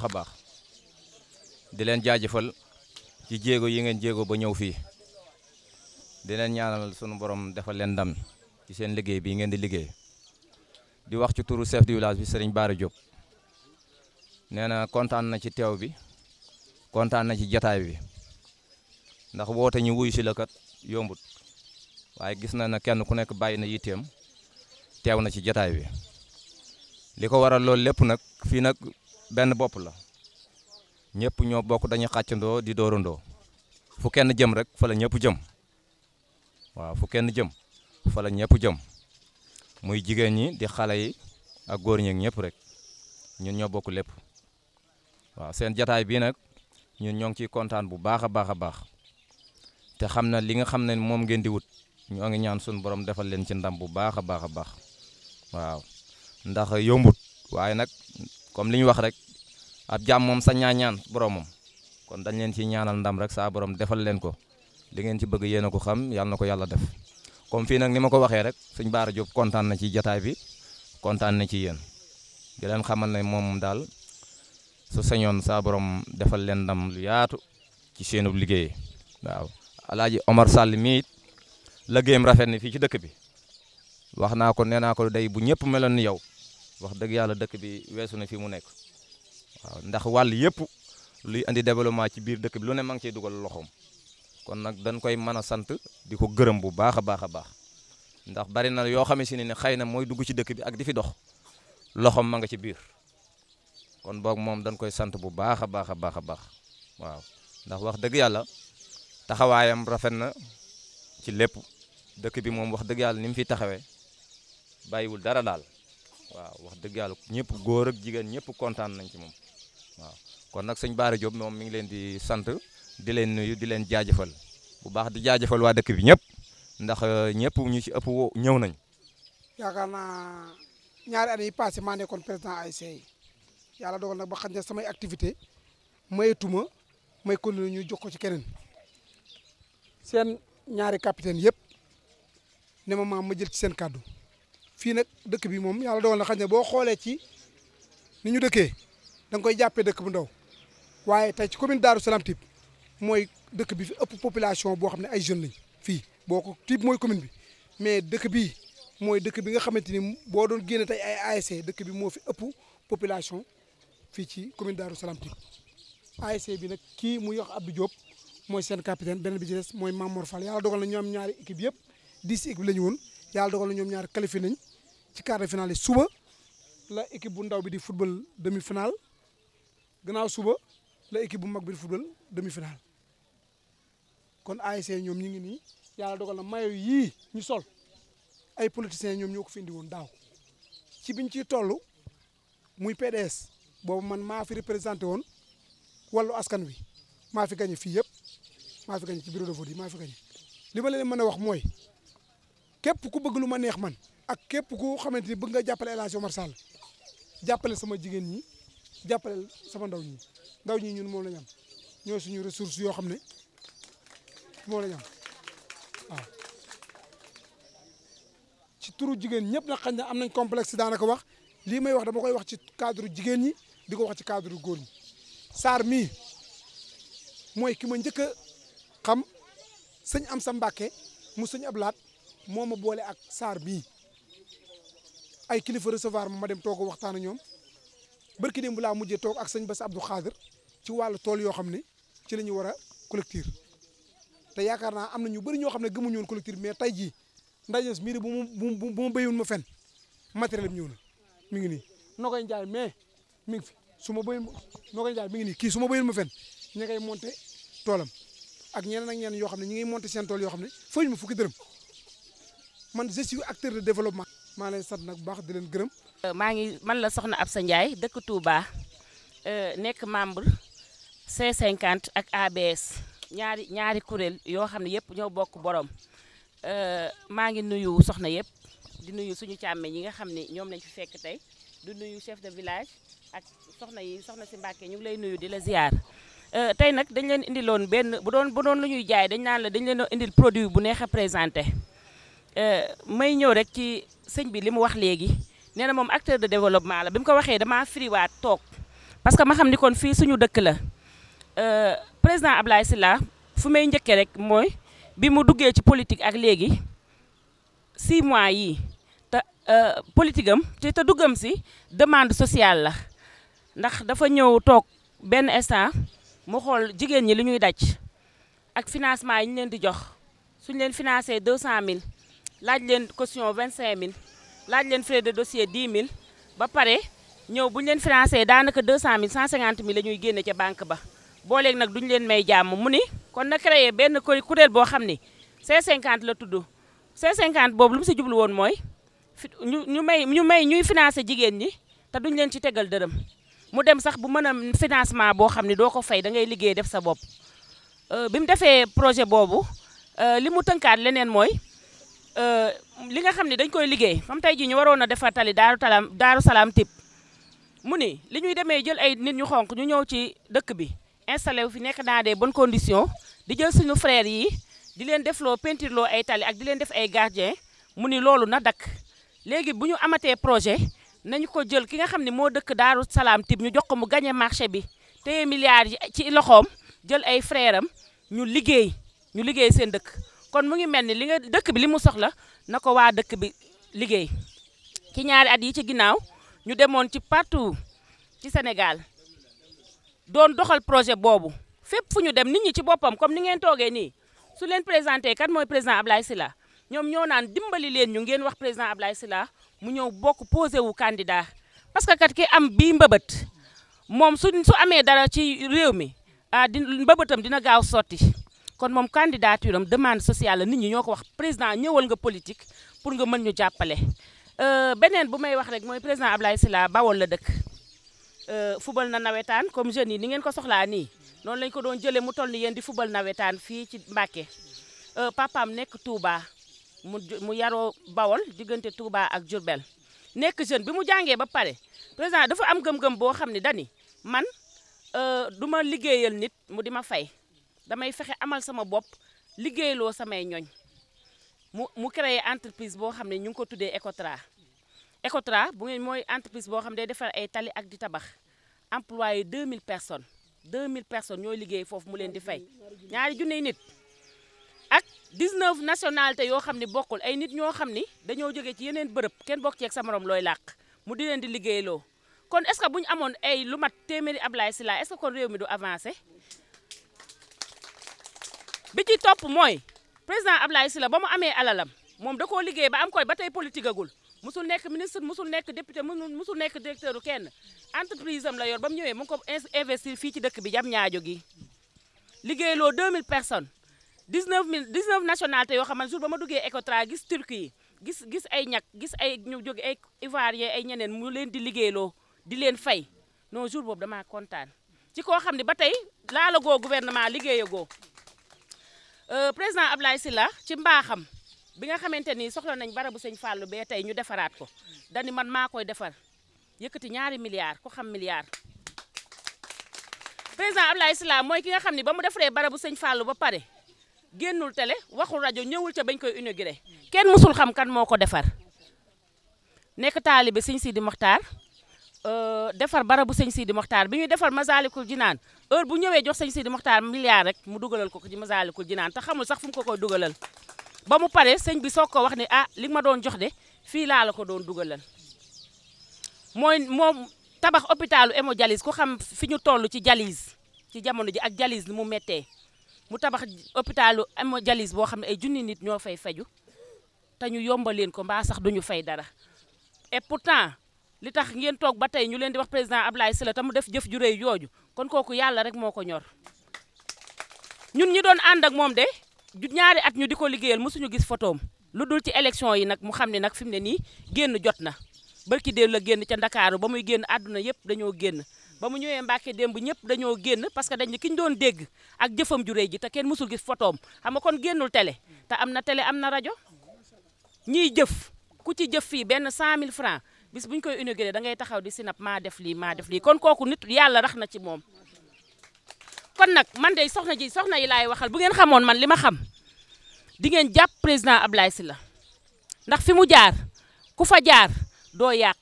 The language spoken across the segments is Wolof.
baax a baax di leen jaajëfal ci jéego yi ngeen jéego ba ñëw fii di leen ñaanal sunu borom defal leen dam ci seen liggéey bi ngeen di liggéey di wax ci turu chef du village bi Serigne Bara Diop nee na kontaan ci teew bi kontaan na ci jataay bi ndax woote ñu wuyu si la yombut waaye gis na na kenn ku nekk bàyyi na yitteem teew na ci jataay bi li ko waral loolu lépp nag fii nag benn bopp la ñëpp ñoo bokk dañuy xàccandoo di doorandoo fu kenn jëm rek fala la ñëpp jëm waaw fu kenn jëm fala ñépp jëm muy jigéen ñi di xale yi ak góor ñi ñëpp rek ñun ñoo bokk lépp waaw seen jataay bii nag ñun ñoo ngi ciy kontaan bu baax a baax a baax te xam na li nga xam ne moom ngeen di wut ñoo ngi ñaan suñu borom defal leen ci ndam bu baax a baax a baax waaw ndax yombut waaye nag comme li ñu wax rek ab jaam moom sañ naa ñaan boromam kon dañ leen ci ñaanal ndam rek saa borom defal leen ko li ngeen ci bëgg yéen a ko xam yàlla na ko yàlla def comme fii nag ni ma ko waxee rek suñ Baara Diop kontaan na ci jataay bi kontaan na ci yéen di leen xamal na moom daal su sañoon saa borom defal leen ndam lu yaatu ci seenub liggéey waaw alaaji Omar Sall mii liggéeyam rafet na fii ci dëkk bi wax naa ko nee naa ko day bu ñëpp meloon ni yow wax dëgg yàlla dëkk bi weesu na fi mu nekk waaw ndax wàll yëpp luy indi développement ci biir dëkk bi lu ne ma ngi ciy dugal loxoom kon nag dañ koy mën a sant di ko gërëm bu baax a baax a baax ndax bari na yoo xamante ne xëy na mooy dugg ci dëkk bi ak di fi dox loxoom ma nga ci biir kon boog moom dañ koy sant bu baax a baax a baax a baax waaw wax dëgg yàlla taxawaayam rafet na ci lépp dëkk bi moom wax dëgg yàlla ni mu fi taxawee bàyyiwul dara daal. waaw wax dëgg yàlla ñëpp góor ak jigéen ñëpp kontaan nañ ci moom waaw kon nag sëñ Bara Diop moom mi ngi leen di sant di leen nuyu di leen jaajëfal bu baax di jaajafal waa dëkk bi ñëpp ndax euh, ñëpp ñu ci ëpp ñëw nañ yaakaar naa ñaari at yi passé maa nekkoon président ASC yi yàlla dogal nag ba xam ne samay activité mayetuma may continuer ñu jox ko ci keneen seen ñaari capitaine yëpp ne ma maam ma jël ci seen kàddu fii nag dëkk bi moom yàlla dogal na xañ ne boo xoolee ci ni ñu dëkkee da nga koy jàppee dëkk bu ndaw waaye tey ci commune Darou Salam Typ mooy dëkk bi fi ëpp population boo xam ne ay jeunes lañ fii boo ko Typ mooy commune bi mais dëkk bii mooy dëkk bi nga xamante ni boo doon génne tey ay ASC dëkk bi moo fi ëpp population fii ci commune Darou Salam Typ ASC bi nag kii mu yox Abdou Diop mooy seen capitaine beneen bi ci des mooy Mamour Fall yàlla dogal na ñoom ñaari équipe yëpp dix équipe la ñu woon yàlla dogal na ñoom ñaari qualifié nañ ci quart de finale suba la équipe bu ndaw bi di football demi finale gannaaw suba la équipe bu mag bi di football demi finale kon ASC ñoom ñu ngi nii yàlla dogal na mayo yii ñu sol ay politiciens ñoom ñoo ko fi indi woon daaw ci biñ ciy toll muy PDS boobu man maa fi représenté woon wàllu askan wi maa fi gañe fii yëpp maa fi gañe ci bureau de vote maa fi gañe li ma leen mën a wax mooy képp ku bëgg lu ma neex man ak képp ku xamante ni bëgg nga jàppale El Hadj Omar jàppale sama jigéen ñi jàppale sama ndaw ñi ndaw ñi ñun moo la ñu am ñoo suñu ressource yoo xam ne moom la ñu ci turu jigéen ñëpp nag xañ na am nañ complexe daanaka wax lii may wax dama koy wax ci cadre jigéen ñi di ko wax ci cadre góor ñi Sarr mii mooy kiima ma njëkk a xam sëñ am sa Mbàkke mu sëñ Ablaat moo ma boole ak saar mii ay kilifa recevoir ma ma dem toog waxtaan ak ñoom barki démb laa mujjee toog ak sëñ Bass Abdou Khadir ci wàllu tool yoo xam ne ci la ñu war a collecteur te yaakaar naa am na ñu bëri ñoo xam ne gëmuñu woon collecteur mais tey jii ndaje miiri bu mu bu mu ma fenn matériel bi ñëw na mi ngi nii Nogoy Ndiaye mais mi ngi fi su ma béyoon Nogoy Ndiaye mi ngi nii kii su ma béyoon ma ña ngay monté toolam ak ñeneen ak yoo xam ne ñi ngay monté seen tool yoo xam ne fooñu ma fukki dërëm man développement. maa leen sant nag bu baax di leen gërëm. Euh, maa ngi man la soxna Absa Ndiaye dëkk Touba euh, nekk membre c cinquante ak ABS ñaari ñaari kuréel yoo xam ne yëpp ñoo bokk borom euh, maa ngi nuyu soxna yëpp di nuyu suñu càmmee ñi nga xam ne ñoom lañ fi fekk tey du nuyu chef de village ak soxna yi soxna si Mbàkke ñu ngi lay nuyu di la ziar. tey nag dañ leen indiloon benn bu doon bu doon lu ñuy jaay dañ naan la dañ leen indil produit bu neex a présenté Euh, may ñëw rek ci sëñ bi li mu wax léegi nee na moom acteur de développement la bi mu ko waxee damaa firiwaat toog parce que ma xam ni kon fii suñu dëkk la euh, président Ablaye Sylla fu may njëkkee rek mooy bi mu duggee ci politique ak léegi six mois yii te euh, politique am te te duggam si demande sociale la ndax dafa ñëw toog benn instant mu xool jigéen ñi li ñuy daj ak financement yi ñu leen di jox suñ leen financé deux cent mille laaj leen vingt caution 25000 laaj leen frais de dossier 10000 ba pare ñëw bu ñu leen financé daanaka mil 200000 150000 la ñuy génne ca banque ba booleeg nag duñu leen may jàmm mu ni kon na créé benn kuréel boo xam ni C50 la tudd c boobu lu mu si jublu woon mooy ñu ñu may ñu may ñuy financé jigéen ñi te duñu leen ci tegal dërëm mu dem sax bu mën a financement boo xam ne doo ko fay da ngay liggéey def sa bopp euh, bi mu defee projet boobu euh, li mu tënkaat leneen mooy Euh, li nga xam ne dañ koy liggéey xam tey jii ñu waroon a defar tali daaru talam daaru salaam tip mu ni li ñuy demee jël ay nit ñu xonq ñu ñëw ci dëkk bi installé wu fi nekk dans des bonnes conditions di jël suñu frères yi di leen defloo peinture loo ay tali ak di leen def ay gardien mu ni loolu na dakk léegi bu ñu amatee projet nañu ko jël ki nga xam ne moo dëkk daaru salaam tib ñu jox ko mu gagné marché bi téye milliards yi ci loxoom jël ay frères ñu liggéey ñu liggéey seen dëkk kon mu ngi mel ni li nga dëkk bi li mu soxla na ko waa dëkk bi liggéey ci ñaari at yi ci ginnaaw ñu demoon ci partout ci Sénégal doon doxal projet boobu fépp fu ñu dem ni ñu ci boppam comme ni ngeen toogee nii su leen présenté kat mooy président Ablaye Sylla ñoom ñoo naan dimbali leen ñu ngeen wax président Ablaye Sylla mu ñëw bokk posé wu candidat parce que kat ki am bii mbëbët moom su su amee dara ci réew mi ah di mbëbëtam dina gaaw sotti kon moom candidature am demande sociale la nit ñi ñoo ko wax président ñëwal nga politique pour nga mën ñu jàppale. Euh, beneen bu may wax rek mooy président Ablaye Sylla Bawol la dëkk euh, fubal na nawetaan comme jeunes yi ni ngeen ko soxlaa nii noonu lañ ko doon jëlee mu toll ni yéen di nawetaan fii ci Mbàkke euh, papaam nekk Touba mu mu yaroo Bawol diggante Touba ak Diourbel nekk jeune bi mu jàngee ba pare président dafa am gëm-gëm boo xam ne dani man du ma liggéeyal nit mu di ma fay damay fexe amal sama bopp liggéeyloo samay ñoñ mu mu créer entreprise boo xam ne ñu ngi ko tuddee Ecotra Ecotra bu ngeen mooy entreprise boo xam ne day defar ay tali ak di tabax employé 2000 personnes 2000 personnes ñooy liggéey foofu mu leen di fay ñaari junney nit ak 19 nationalités yoo xam ne bokkul ay nit ñoo xam ni dañoo jóge ci yeneen bërëb kenn bokk ceek sa moroom looy làq mu di leen di liggéeyloo kon est-ce bu ñu amoon ay lu mat téeméeri Ablaye Sylla est mi du avancé bi ci topp mooy président Ablaye Sylla ba mu amee alalam moom da koo liggéey ba am koy ba tey politique agul musul nekk ministre musul nekk député musul nekk directeur kenn entreprise am la yor ba mu ñëwee mu ngi ko investir fii ci dëkk bi jam ñaajo gi liggéeyloo 2000 personnes 19000 19 nationalités yoo xam ne jour ba ma duggee Ecotra gis Turquie gis gis ay ñak gis ay ñu jóge ay Ivoirien ay ñeneen mu leen di liggéeyloo di leen fay non jour boobu damaa kontaan ci koo xam ne ba tey laalagoo gouvernement liggéeyagoo Euh, président Ablaye Sylla ci mbaaxam bi nga xamante ni soxla nañ barabu sëñ Fallou bee tey ñu defaraat ko dani man maa koy defar yëkkati ñaari milliards ko xam milliard président Ablaye Sylla mooy ki nga xam ni ba mu defaree bu sëñ Fallou ba pare génnul télé waxul rajo ñëwul ca bañ koy inauguré kenn mësul xam kan moo ko defar nekk taalibe sëñ Sidi Mokhtar Euh, defar bara bu sëñ Sidi Mokhtar bi ñuy defar Masalikul Jinaan heure bu ñëwee jox sëñ Sidi Mokhtar milliard rek mu dugalal ko ci Masalikul Jinaan te xamul sax fu mu ko koy dugalal ba mu paree sëñ bi soog ko wax ne ah li ma doon jox de fii laala ko doon dugalal mooy moom tabax hôpitalu hémodialyse ku xam fi ñu toll ci dialyse ci jamono ji ak dialyse ni mu méttee mu tabax hôpitalu hémodialyse boo xam ne ay junni nit ñoo fay faju te ñu yombal leen ko mbaa sax duñu fay dara et pourtant li tax ngeen toog ba tey ñu leen di wax président Ablaye Sylla te mu def jëf ju jooju kon kooku yàlla rek moo ko ñor ñun ñi doon ànd ak moom de ñaari at ñu di ko liggéeyal mosuñu gis photoom lu dul ci élection yi nag mu xam ne nag fi mu ne nii génn jot na barki déel la génn ca Ndakaaru ba muy génn àdduna yëpp dañoo génn ba mu ñëwee Mbàkke démb ñëpp dañoo génn parce que dañ ne ki ñu doon dégg ak jëfam ju ji te kenn mosul gis photoom xam nga kon génnul télé te am na télé am na rajo ñiy jëf ku ci jëf fii benn 100000 francs bis bu ñu koy inauguré da taxaw di si nag maa def lii maa def lii kon kooku nit yàlla rax na ci moom. kon nag man de soxna ji soxna yi laay waxal bu ngeen xamoon man li ma xam dingeen jàpp président si la ndax fi mu jaar ku fa jaar doo yàq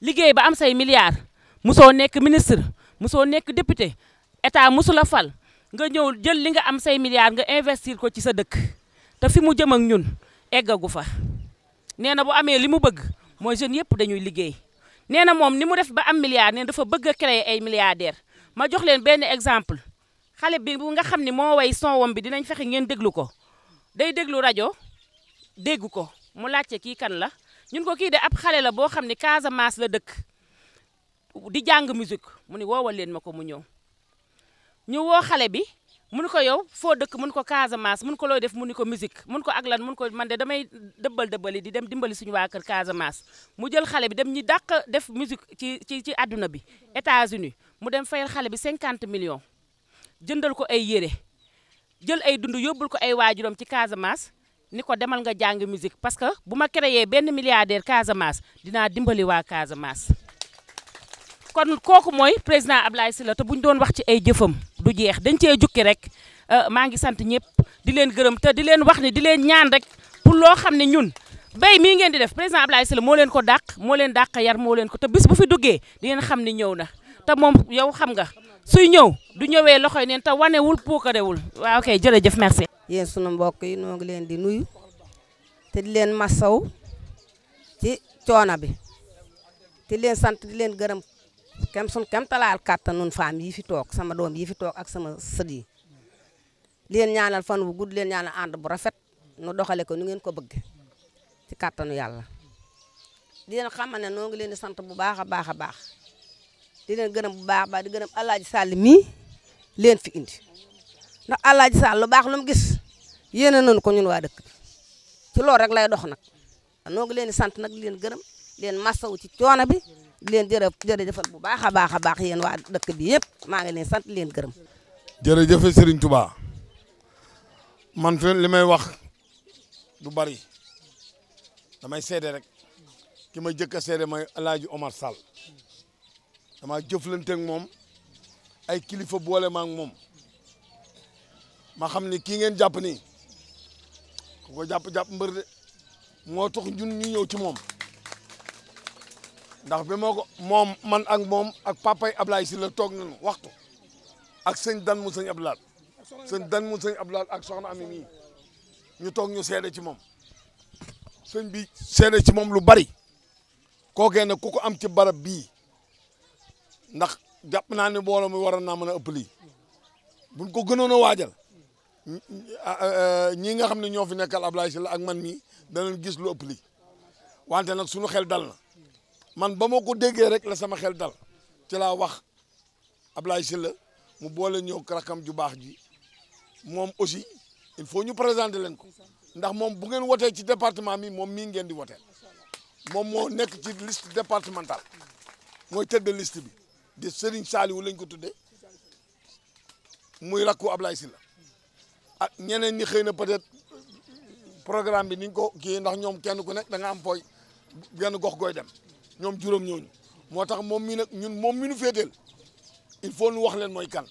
liggéey ba am say milliards musoo nekk ministre musoo nekk député état musu la fal nga ñëw jël li nga am say milliards nga investir ko ci sa dëkk te fi mu jëm ak ñun gu fa nee na bu amee li mu bëgg. mooy jeunes yëpp dañuy liggéey nee na moom ni mu def ba am milliard nee dafa bëgg créer ay milliardaires ma jox leen benn exemple xale bi nga xam ne moo way sonwam bi dinañ fexe ngeen déglu ko day déglu rajo dégg ko mu laajte kii kan la ñun ko kii de ab xale la boo xam ne kaasamaas la dëkk di jàng musique mu ni woowal leen ma ko mu ñëw ñu woo xale bi mun ko yow foo dëkk mun ko Casamance mun ko looy def mun ko musique mun ko ak lan mun ko man de damay dëbbal dëbbali di dem dimbali suñu waa kër Casamance mu jël xale bi dem ñi dàq def musique ci ci ci àdduna bi États-Unis mu dem fayal xale bi 50 millions jëndal ko ay yére jël ay dund yóbbul ko ay waajuram ci Casamance ni ko demal nga jàng musique parce que bu ma créé benn milliardaire Casamance dinaa dimbali waa Casamance kon kooku mooy président Ablaye Sylla te bu ñu doon wax ci ay jëfam du jeex dañ cee jukki rek euh, maa ngi sant ñëpp di leen gërëm te di leen wax ni di leen ñaan rek pour loo xam ne ñun béy mii ngeen di def président Abdoulaye la moo leen ko dàq moo leen dàq yar moo leen ko te bis bu fi duggee di ngeen xam ni ñëw na te moom yow xam nga suy ñëw du ñëwee loxo yi neen te wanewul puukarewul waaw ok jëf merci. yéen sunu mbokk yi noo ngi leen di nuyu te di leen masaw ci coono bi di leen sant di leen gërëm. kem sun kem talaal kàttan nun faam yi fi toog sama doom yi fi ak sama sët yi leen ñaanal fan wu gudd leen ñaanal ànd bu rafet nu doxale ko nu ngeen ko bëgg ci kàttanu yàlla di leen xamal ne noo ngi leen di sant bu baax a baax a baax di leen gërëm bu baax baax di gërëm alaaji Sall mii leen fi indi ndax alaaji Sall lu baax lu mu gis yéene nañu ko waa dëkk bi ci loolu rek lay dox nag noo ngi leen di sant nag di leen gërëm leen massawu ci bi di leen jërë jërëjëfal bu baax a baax a baax yéen waa dëkk bi yëpp maa ngi leen sant leen gërëm. jërëjëf Serigne Touba man fi li may wax du bari damay seede rek ki ma jëkk a seede mooy El Hadj Omar Sall dama jëflante ak moom ay kilifa boole ma ak moom ma xam ni kii ngeen jàpp nii ku ko jàpp jàpp mbër de moo tax ñun ñu ñëw ci moom. ndax bi moo moom man ak moom ak papay Ablaye si la toog nañu waxtu ak sëñ dan mu sëñ Ablaye sëñ dan mu sëñ Ablaye ak soxna Ami mii ñu toog ñu seede ci moom sëñ bi seede ci moom lu bari kookee ne ku ko am ci barab bii ndax jàpp naa ne mbooloo mi waroon naa mën a ëpp lii buñ ko gënoon a waajal ñii nga xam ne ñoo fi nekkal Ablaye si la ak man mii danañ gis lu ëpp lii nag suñu xel dal na man ba ma ko déggee rek la sama xel dal ci laa wax Ablaye Sylla mu boole ñëw rakam ju baax ji moom aussi il faut ñu présenter leen ko ndax moom bu ngeen wotee ci département mi moom mii ngeen di wotee moom moo nekk ci liste départementale mooy tëdd liste bi di Serigne Saliou lañ ko tuddee muy rakku Ablaye Sylla ah ñeneen ñi xëy na peut-être programme bi niñ ko kii ndax ñoom kenn ku nekk da nga am fooy benn gox gooy dem ñoom juróom ñooñu moo tax moom mi nag ñun moom mi nu il faut nu wax leen mooy kan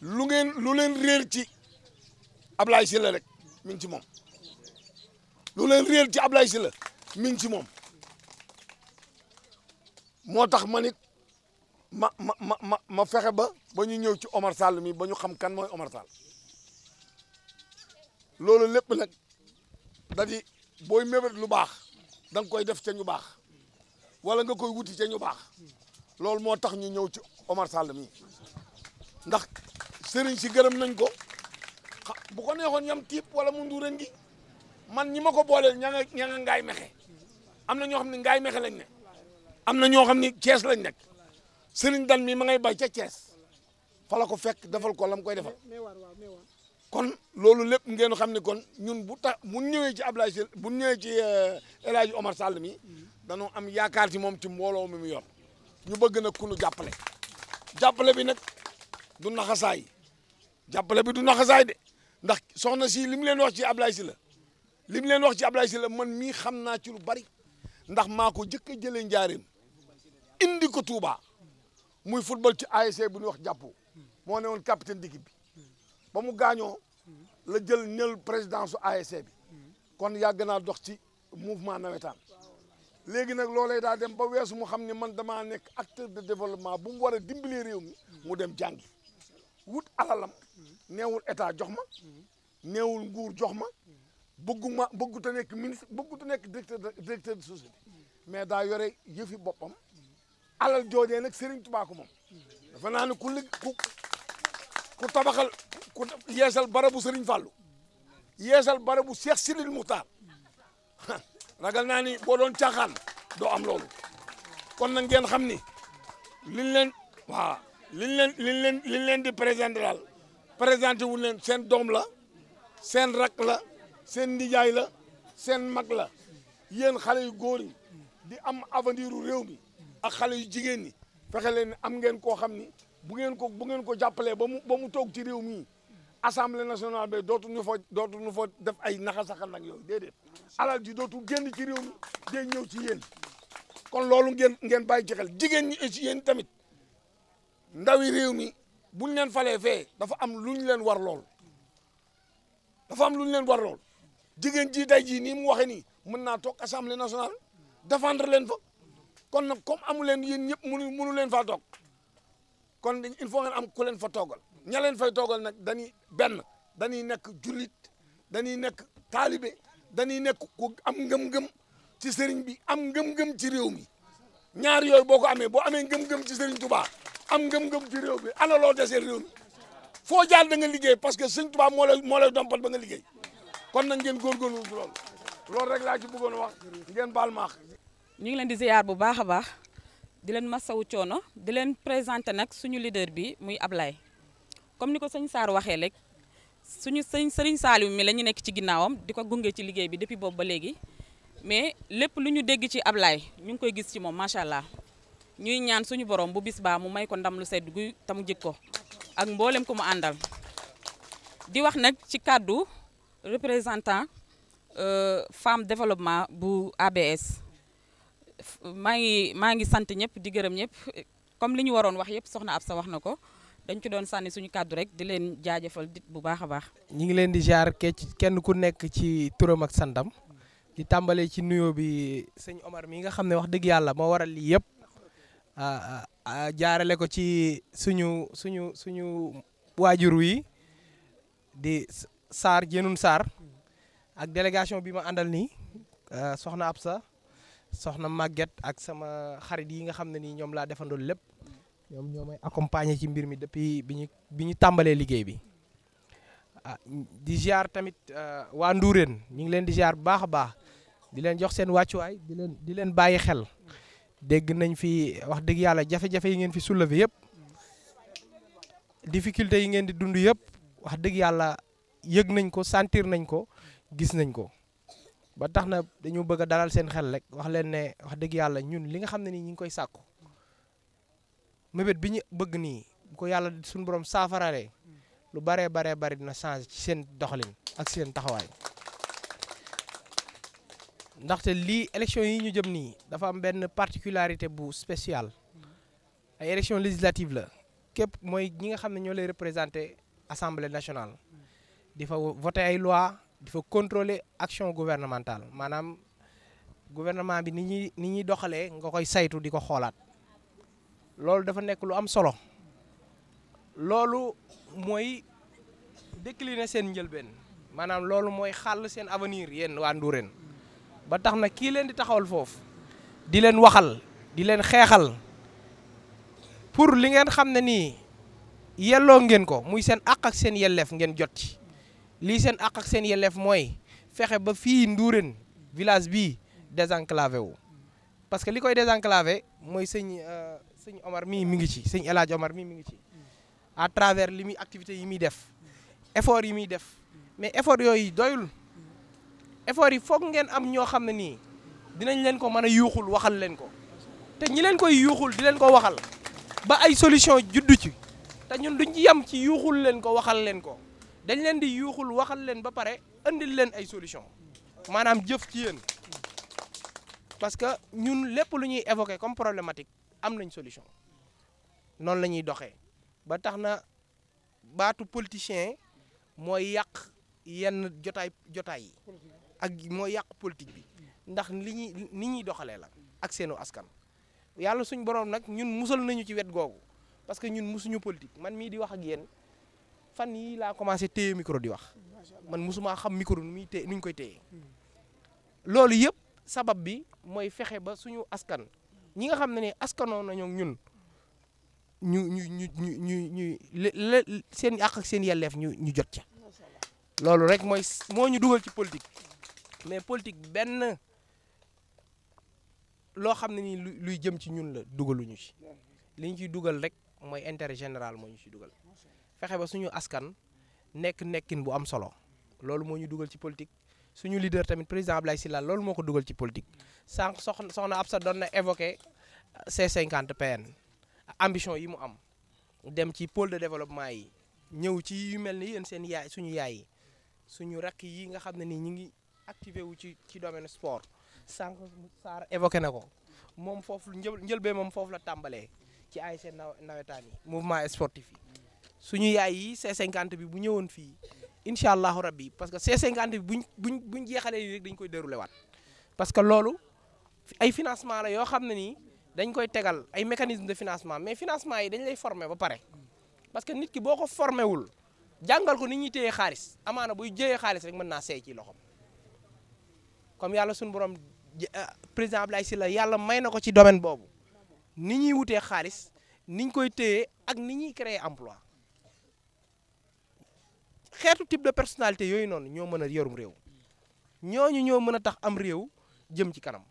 lu ngeen lu leen réer ci Ablaye Sylla rek mi ngi ci moom lu leen réer ci Ablaye Sylla mi ngi ci moom moo tax man it ma ma ma ma fexe ba ba ñu ñëw ci Omar Sall mi ba ñu xam kan mooy Omar Sall loolu lépp nag da booy mébét lu baax da koy def ca ñu baax wala nga koy wuti ca ñu baax loolu moo tax ñu ñëw ci Omar Sall mi ndax sëriñ si gërëm nañ ko bu ko neexoon ñam tiib wala mu nduuren gi man ñi ma ko booleel ña nga nga ngaay mexe am na ñoo xam ne ngaay mexe lañ ne am na ñoo xam ne Cees lañ nekk sëriñ dan mi ma ngay bay ca Cees fa ko fekk defal ko lam koy defal kon loolu lépp ngeen xam ne kon ñun bu tax mu ñëwee ci Ablaye bu ñëwee ci euh, El Hadj Omar Sall mi danoo am yaakaar ci moom ci mbooloo mi mu yor ñu bëgg na ku jàppale jàppale bi nag du naxasaay jàppale bi du naxasaay de ndax soxna si li leen wax ci Ablaye Sylla li leen wax ci Ablaye Sylla man mii xam naa ci lu bari ndax maa ko jëkk a jëlee njaareem indi ko Touba muy football ci ASC bu ñuy wax jàppoo moo ne woon capitaine d'équipe bi ba mu gaañoo la jël ñël présidence su ASC bi kon yàgg naa dox ci mouvement nawetaan léegi nag loolay daa dem ba weesu mu xam ne man damaa nekk acteur de développement bu mu war a dimbalee mu dem jàngi wut alalam neewul état jox ma neewul nguur jox ma bëgguma bëggu ta nekk ministre bëggu ta nekk directeur directeur de société mais daa yore yëfi boppam alal joojee nag Serigne Touba ko moom dafa naa ne ku lig ku ku tabaxal ku yeesal barabu Serigne Fallou yeesal barabu Cheikh Sidil ragal naa ni boo doon caaxaan doo am loolu kon nag ngeen xam ni liñ leen waaw liñ leen liñ leen liñ leen di présenté daal présenté wuñ leen seen doom la seen rak la seen ndijaay la seen mag la yéen xale yu góor yi di am avenir u réew mi ak xale yu jigéen ñi fexe leen am ngeen koo xam ni bu ngeen ko bu ngeen ko jàppalee ba mu ba mu toog ci réew mi assemblée nationale ba dootuñu fa dootuñu fa def ay naxasaxal nag yooyu déedéet alal ji dootul génn ci réew mi day ñëw ci yéen kon loolu ngeen ngeen bàyyi ci xel jigéen ñi aussi tamit ndawi réew mi buñ leen falee fee dafa am lu leen war lool dafa am lu leen war jigéen ji tey jii nii mu waxee nii mën naa toog assemblée nationale défendre leen fa kon nag comme amu leen yéen ñëpp mënu mënu leen faa toog kon il faut ngeen am ku leen fa toogal ña leen fay toogal nag dañuy benn dañuy nekk jullit dañuy nekk taalibe dañuy nekk ku am ngëm-ngëm ci sëriñ bi am ngëm-ngëm ci réew mi ñaar yooyu boo ko amee boo amee ngëm-ngëm ci sëriñ Touba am ngëm-ngëm ci réew mi ana loo desee réew mi foo jaar da nga liggéey parce que sëriñ Touba moo lay moo lay dompal ba nga liggéey kon nag ngeen góorgóorlu ci loolu loolu rek laa ci bëggoon wax ngeen baal maax ñu ngi leen di ziyaar bu baax a baax di leen masawu coono di leen présenté nag suñu leader bi muy Ablaye comme ni ko sëñ Sarr waxee rek suñu sëñ sëriñ Saliou mi la ñu nekk ci ginnaawam di ko gunge ci liggéey bi depuis boobu ba léegi mais lépp lu ñu dégg ci Ablaye ñu ngi koy gis ci moom macha allah ñuy ñaan suñu borom bu bis baa mu may ko ndam lu sedd guy tamu jik ko ak mboolem ko mu àndal di wax nag ci kàddu représentant euh, fem développement bu ABS maa ngi maa ngi sant ñëpp di gërëm ñëpp comme li ñu waroon wax yëpp soxna sa wax na ko dañ ci doon sànni suñu kàddu rek di leen jaajëfal dit bu baax a baax. ñu ngi leen di jaar kecc kenn ku nekk ci turam ak santam di tàmbalee ci nuyoo bi sëñ Omar mi nga xam ne wax dëgg yàlla moo waral lii yëpp jaarale ko ci suñu suñu suñu waajur yi di saar Jënun Sarr ak délégation bi ma àndal nii soxna Absa soxna Maguette ak sama xarit yi nga xam ne nii ñoom laa defandoo lépp. ñoom ñoo may accompagner ci mbir mi depuis bi ñu bi ñu tàmbalee liggéey bi ah di ziar tamit euh, waa Ndourène ñu ngi leen di ziar bu baax a baax di leen jox seen wàccuwaay di leen bàyyi xel dégg nañ fi wax dëgg yàlla jafe-jafe yi ngeen fi soulevé yëpp difficulté yi ngeen di dund yëpp wax dëgg yàlla yëg nañ ko sentir nañ ko gis nañ ko ba tax na dañu bëgg a dalal seen xel rek wax leen ne wax dëgg yàlla ñun li nga xam ne ni ñu ngi koy sàkku mébét bi ñu bëgg nii bu ko yàlla suñu borom saafaraale lu baree baree bari dina changé ci seen doxalin ak seen taxawaay ndaxte lii élection yi ñu jëm nii dafa am benn particularité bu spéciale ay élection législative la képp mooy ñi nga xam ne ñoo lay représenté assemblée nationale di fa voté ay loi di fa contrôler action gouvernementale maanaam gouvernement bi ni ñuy ni ñuy doxalee nga koy saytu di ko xoolaat loolu dafa nekk lu am solo loolu mooy décliner seen njëlbeen maanaam loolu mooy xàll seen avenir yéen waa Ndourène ba tax na kii leen di taxawal foofu di leen waxal di leen xeexal pour li ngeen xam ne nii yelloo ngeen ko muy seen àq ak seen yelleef ngeen jot lii seen àq ak seen yelleef mooy fexe ba fii Ndourène village bii désenclavé wu parce que li koy désenclavé mooy sëñ euh, sëñ Omar mii mi ngi ci sëñ El Hadj Omar mii mi ngi ci à travers li muy activités yi muy def effort yi muy def mais effort yooyu doyul effort yi foog ngeen am ñoo xam ne nii dinañ leen ko mën a yuuxul waxal leen ko te ñi leen koy yuuxul di leen ko waxal ba ay solution juddu ci te ñun duñ ci yem ci yuuxul leen ko waxal leen ko dañ leen di yuuxul waxal leen ba pare andil leen ay solution maanaam jëf ci yéen parce que ñun lépp lu ñuy évoqué comme problématique am nañ solution noonu la ñuy doxee ba tax na baatu politicien mooy yàq yenn jotaay jotaay yi ak mooy yàq politique bi ndax li ñuy ni ñuy doxalee la ak seenu askan yàlla suñ borom nag ñun musal nañu ci wet googu parce que ñun musuñu politique man mii di wax ak yéen fan yii laa commencé téye micro di wax man musumaa xam micro nu muy téye ñu koy téye loolu yëpp sabab bi mooy fexe ba suñu askan ñi nga xam ne ne askanoon nañoo ñun ñu ñu ñu ñu ñu ñu seen àq ak seen yelleef ñu ñu jot ca loolu rek mooy moo ñu dugal ci politique mais politique benn loo xam ne nii luy jëm ci ñun la dugaluñu ci li ñu ciy dugal rek mooy intérêt général moo ñu ciy dugal fexe ba suñu askan nekk nekkin bu am solo loolu moo ñu dugal ci politique suñu leader tamit président Ablaye Sylla loolu moo ko dugal ci politique sànq soxna soxna Absa doon na évoqué c cinquante PN ambition yi mu am dem ci pôle de développement yi ñëw ci yu mel ni yéen seen yaay suñu yaay suñu rakk yi nga xam ne nii ñu ngi activé wu ci ci domaine sport sànq Sarr évoqué na ko moom foofu njëlbee moom foofu la tàmbalee ci ay seen nawetaan yi mouvement sportif yi suñu yaay yi c cinquante bi bu ñëwoon fii incha allahu rabbi parce que C50 bi buñ buñ buñ jeexalee yi dañ koy déroulé waat parce que loolu. ay financement la yoo xam ne nii dañ koy tegal ay mécanisme de financement mais financement yi dañ lay former ba pare parce que nit ki boo ko formé wul jàngal ko ni ñuy téye xaalis amaana buy jëyee xaalis rek mën naa seey ci loxom comme yàlla suñu borom euh, président Abdoulaye sila yàlla may na ko ci domaine boobu ni ñuy wutee xaalis niñ koy téye ak ni ñuy créer emploi xeetu type de personnalité yooyu noonu ñoo mën a yorum réew ñooñu ñoo mën a tax am réew jëm ci kanam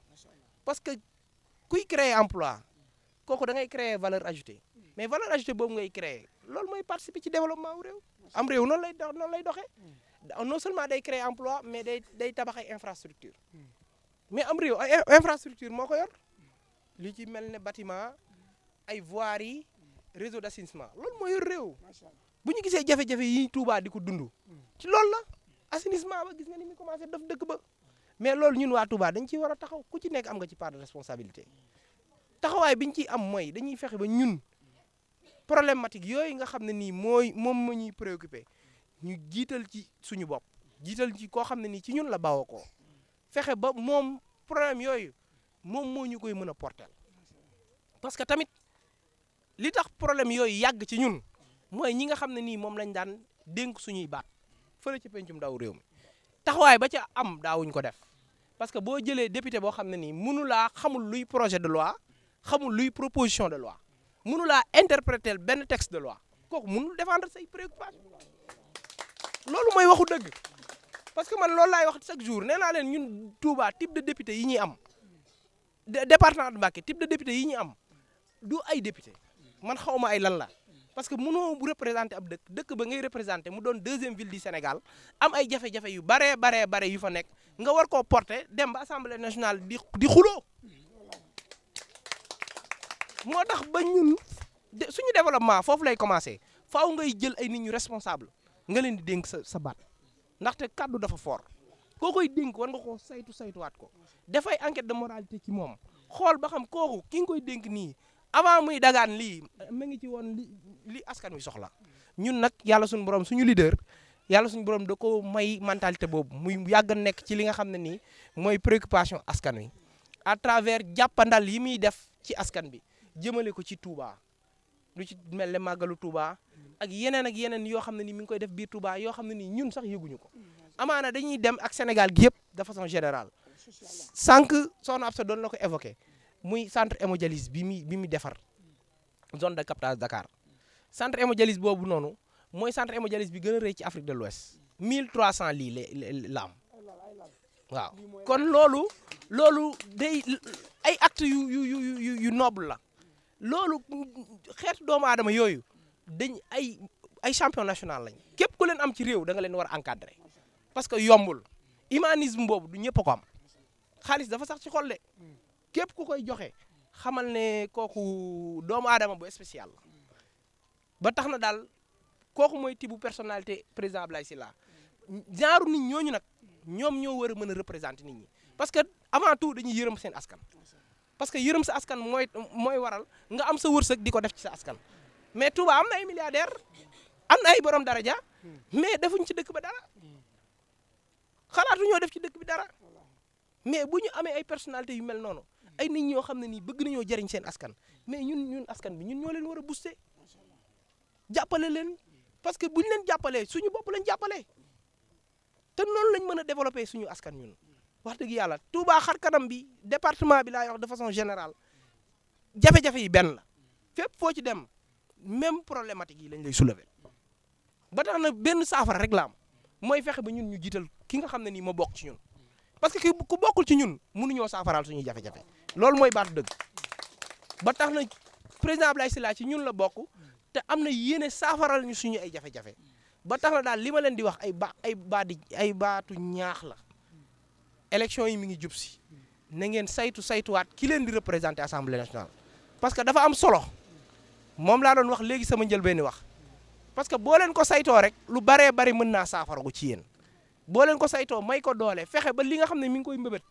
parce que kuy créer emploi kooku da ngay valeur ajoutée mai valeur ajoutée boobu ngay créer loolu mooy participer ci développement wu réew am réew lay dox noonu lay doxee non seulement day créer emploi mais day day tabax ay infrastructure mais am réew ay infrastructure moo ko yor li ci mel ne bâtiment ay voirie réseau d'assainissement loolu moo yor réew bu ñu gisee jafe-jafe yi Touba di ko dund ci loolu la gis nga ni mu commencé def dëkk ba mais loolu ñun waa Touba dañ ciy war a taxaw ku ci nekk am nga ci part responsabilité taxawaay bi ñu ciy am mooy dañuy fexe ba ñun problématique yooyu nga xam ne nii mooy moom mu ñuy préoccupé ñu jiital ci suñu bopp jiital ci koo xam ne nii ci ñun la bawoo ko fexe ba moom problème yooyu moom moo ñu koy mën a porter parce que tamit li tax problème yooyu yàgg ci ñun mooy ñi nga xam ne nii moom lañ daan dénk suñuy baat fële ci pencum ndaw réew mi taxawaay ba ca am daawuñ ko def parce que boo jëlee député boo xam ne nii mënulaa xamul luy projet de loi xamul luy proposition de loi mënulaa interpréter benn texte de loi kooku mënul défendre say préoccupation loolu mooy waxu dëgg parce que man loolu laay wax chaque jour nee naa leen ñun Touba type de député yi ñuy am département de Mbacké type de député yi ñuy am du ay député man xawma ay lan la parce que mënoo représenter ab dëkk dëkk ba ngay représenter mu doon deuxième ville du Sénégal am ay jafe-jafe yu baree baree bare yu fa nekk nga war koo porter dem ba assemblée nationale di di xuloo moo tax ba ñun suñu développement foofu lay commencer faaw ngay jël ay nit ñu responsable nga leen di dénk sa sa bat ndaxte kàddu dafa fort koo koy dénk war nga koo saytu saytuwaat ko dafay enquête de moralité ci moom xool ba xam kooku ki koy dénk nii avant muy dagaan lii ma ngi ci woon lii askan wi soxla ñun nag yàlla suñu borom suñu leader yàlla suñu borom da ko may mentalité boobu muy yàgg nekk ci li nga xam ne nii mooy préoccupation askan wi à travers jàppandal yi muy def ci askan bi jëmale ko ci Touba lu ci mel ne màggalu Touba ak yeneen ak yeneen yoo xam ne ni mi ngi koy def biir Touba yoo xam ne ni ñun sax yëguñu ko amaana dañuy dem ak Sénégal gi yëpp de façon générale sànq soxna Absa doon la ko évoqué muy centre hémodialyse bi muy bi muy defar zone de captage Dakar centre hémodialyse boobu noonu mooy centre hémodialyse bi gën a ci Afrique de l'Ouest 1300 lii la am waaw kon loolu loolu day ay actes yu yu yu noble la loolu xeetu doomu aadama yooyu dañ ay ay champion national lañ képp ku leen am ci réew danga leen war a encadrer parce que yombul humanisme boobu du ñëpp ko am xaalis dafa sax ci xol de képp ku koy joxe xamal ne kooku doomu aadama bu spécial ba tax na daal kooku mooy tibu personnalité président Abdoulaye Sylla genre ni ñooñu nag ñoom ñoo war a mën a représenter nit ñi parce que avant tout dañuy yërëm seen askan. parce que yërëm sa askan mooy mooy waral nga am sa wërsëg di ko def ci sa askan mais Touba am na ay milliardaire am na ay borom daraja mais defuñ ci dëkk ba dara xalaatu ñoo def ci dëkk bi dara mais bu ñu amee ay personnalité yu mel noonu. ay nit ñoo xam ne nii bëgg nañoo jariñ seen askan mais ñun ñun askan bi ñun ñoo leen war a booster jàppale leen parce que bu leen jàppalee suñu bopp lañ jàppalee te noonu lañ mën a développer suñu askan ñun wax dëgg yàlla Touba xar kanam bi département bi la wax de façon général jafe-jafe yi benn la fépp foo ci dem même problématique yi lañ lay soulever ba tax na benn saafara rek la am mooy fexe bi ñun ñu jiital ki nga xam ne nii moo bokk ci ñun parce que ku bokkul ci ñun mënuñoo saafaraal suñuy jafe loolu mooy baatu dëgg ba tax na président Abdoulaye Sylla ci ñun la bokk te am na yéene saafaral ñu suñu ay jafe-jafe ba tax na daal li ma leen di wax ay ba ay baadi ay baatu ñaax la élection yi mi ngi jub si na ngeen saytu saytuwaat ki leen di représenter assemblée nationale. parce que dafa am solo moom laa doon wax léegi sama njëlbeeni wax parce que boo leen ko saytoo rek lu baree bari mën naa saafaragu ci yéen boo leen ko saytoo may ko doole fexe ba li nga xam ne mi ngi koy mbëbët.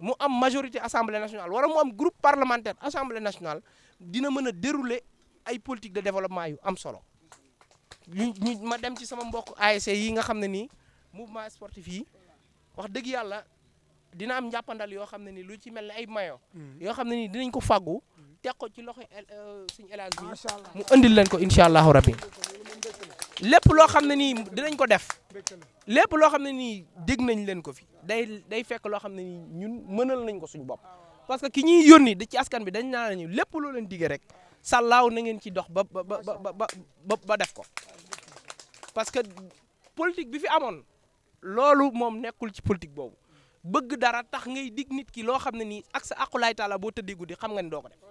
mu am majorité assemblée nationale wala mu am groupe parlementaire assemblée nationale dina mën a dérouler ay politique de développement yu am solo ñu ñu ma dem ci sama mbokk ASC yi nga xam ne nii mouvement sportif yi wax dëgg yàlla dina am njàppandal yoo xam ne ni lu ci mel ni ay mayo mm. yoo xam ne nii dinañ ko faggu teg ko ci loxo euh, suñu élage bi mu indil leen ko incha allahu rabbi lépp loo xam ne nii dinañ ko def lépp loo xam ne nii dégg nañ leen ko fi day day fekk loo xam ne ñun mënal nañ ko suñu bopp parce que ki ñuy yónni da ci askan bi dañ naa ñu lépp loo leen digee rek sallaaw na ngeen ci dox ba ba ba ba ba def ko parce que politique bi fi amoon loolu moom nekkul ci politique boobu bëgg dara tax ngay dig nit ki loo xam ne nii ak sa aqulaay taala boo tëddee guddi xam nga ne doo ko def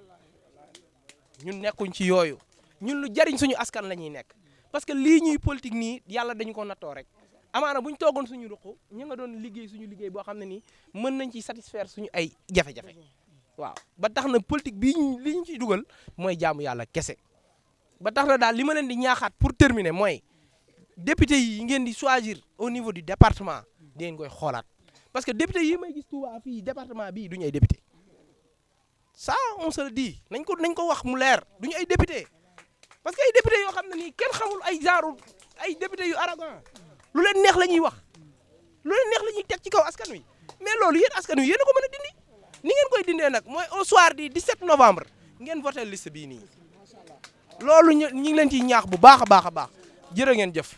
ñun nekkuñ ci yooyu ñun lu jariñ suñu askan la ñuy nekk parce que lii ñuy politique nii yàlla dañu ko nattoo rek amaana bu ñu toogoon suñu ruq ñu nga doon liggéey suñu liggéey boo xam ne ni mën nañ ci satisfaire suñu ay jafe-jafe waaw ba tax na politique bii ñu li ciy dugal mooy jaamu yàlla kese ba tax na daal li ma leen di ñaaxaat pour terminer mooy député yi ngeen di choisir au niveau du département di ngeen koy xoolaat parce que député yi may gis Touba fii département bii duñu ay député ça on se le dit nañ ko nañ ko wax mu leer duñu ay député parce que ay député yoo xam ne nii kenn xamul ay genre ay député yu arrogant lu leen neex la ñuy wax lu leen neex la ñuy teg ci kaw askan wi mais loolu yéen askan wi yéen ko mën a dindi ni ngeen koy dindee nag mooy au soir du 17 novembre ngeen voté liste bii nii loolu ñu ngi leen ciy ñaax bu baax a baax a baax jërë ngeen jëf.